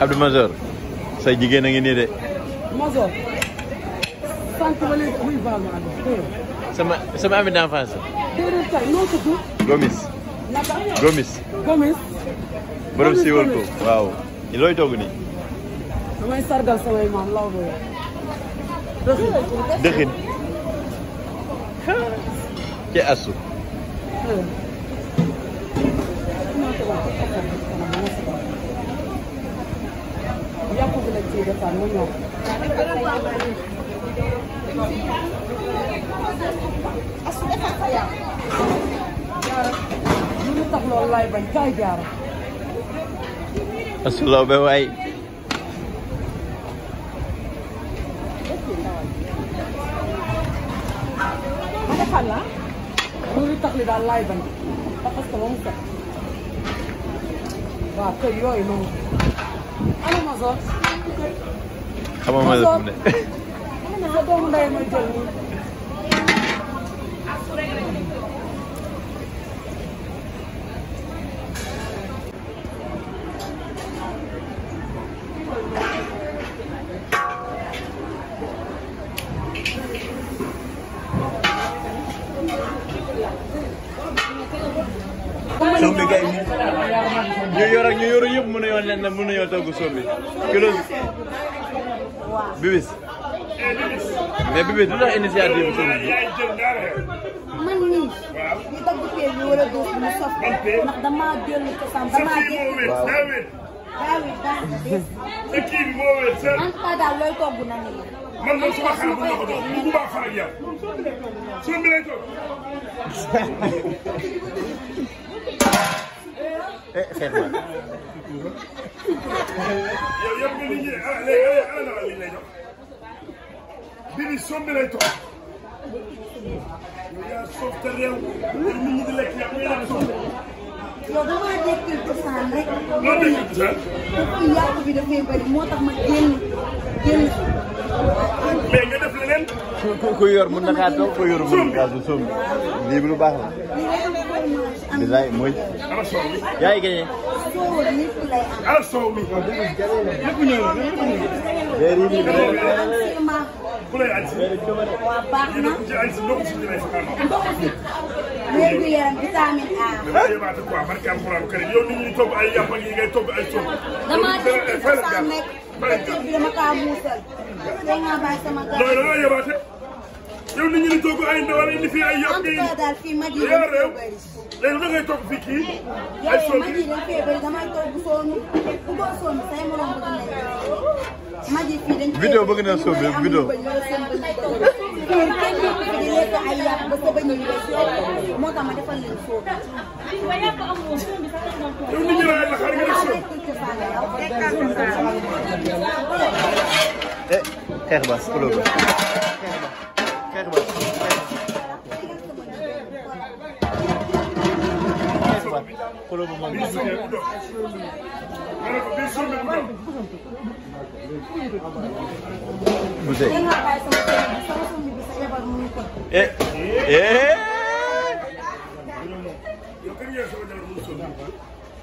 Abdou Major say jigen nga ni de. Major. Sank ma len muy baal ma sama sama ami d'enfance. déedéet kay noo tudd. Gomis. Gomis. Gomis. borom si wol ko waaw. Ni loy togu ni. damay sargal samay maam law ba dëxin dëxin. ci asu. di defar mu ñor. asu defar sa yàq. jaara li mu tax loolu laay bañ kaay jaara. asu loobe waay. ma defar la lu tax li daal laay bañ. parce que moom sax waaw kër yooyu noonu. ana Masor. xamoo ma la fi mu ne. woon leen ne mën nañoo togg sombi kilo bibis mais bibis lu tax initiative sombi bi man nii ñu togg pee bi wala dóor bi mu sof ndax damaa dellu cosaan damaa dellu en tout cas daal looy togg na ni man man suma xel bu ma ko doon bu bu baax fan ak yow sombi lay togg eh, xeet ma yow yëpp nga nit ñi léegi ala na la lay jox bii nii sombi lay toog yow yaa soof te réew nit ñi di lekk yaa ngi naan soof. yow damaa dégg quelque chose rek. loo dégg quelque chose. dafa yàqu bi dafay bëri moo tax ma génn génn. mais nga def leneen. ku ku yor mën na kaa toog ku yor mën na kaa du sombi lii lu baax la. bilaay mooy. yaa ngi ala soow mi ñëpp ñëw na ñëpp ñëw na. ku lay aji. waaw baax na. léegi yaram vitamine A. dafa yéemaate quoi barke alxuraan karim yow nit ñi togg ay yàpp ak yi ngay togg ay soow. damaa dégg dafa nekk. bëri na bi dama kaa muusal. dégg nga bàyyi sama gàllankoor. yow nit ñi di togg ay ndawal indi fii ay yàpp yi. daal fii mag yi dañ fee bëri. léegi da ngay togg fii kii. Eh, ay soo mag yi dañ fee bëri damay togg sonn ku ko sonn say morom bëgg nañ mag yi fii dañ fee vidéo bëgg na soobee vidéo. pour kenn ku fi di lekk ay yàpp ba sa bañ a yore moo tax ma defal leen foofu. yow nit ñi da ngay laxaar nga def soo. Eh, xeex baas Khair le Eh. Eh.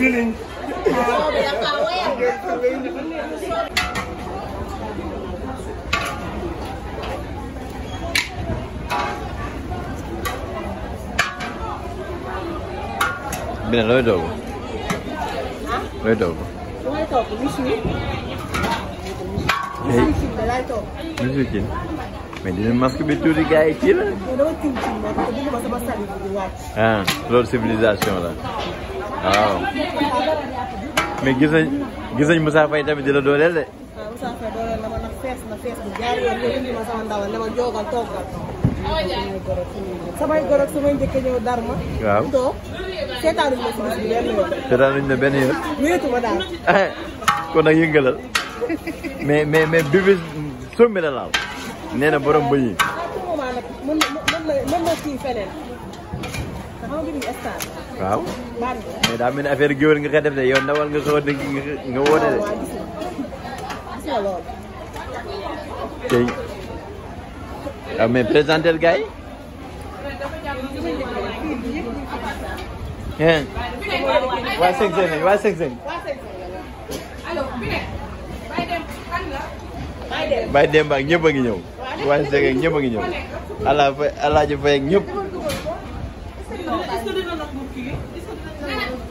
feeling. Bine, lua două. Lua două. Lua o mișni. Nu știu cine. Menina, mas que abertura que é aquilo? Eu eu de passar livro de Ah, flor civilização lá. waaw mais gis nañ gis nañ Moussa Faye tamit di la dooleel de. waaw Moussa Faye dooleel na ma nag fees na fees bu jaar yoon nga indi ma sama ndawal ne ma joogal bi benn yoon. seetaanuñ la benn yoon. wéetu daal. Eh, kon nag yëngalal mais mais mais bi la laal nee na borom bëñ waaw mais daa mel ni affaire géwél nga koy def de yow ndawal nga xaw dëgg nga wóote de tey waaw mais présentel gars yi waa Sexen nañ waa Sexen Baye Demba ak ñëpp a ngi ñëw waa Sexen ñëpp a ngi ñëw Alaaji Fay ak ñëpp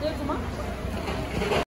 什么？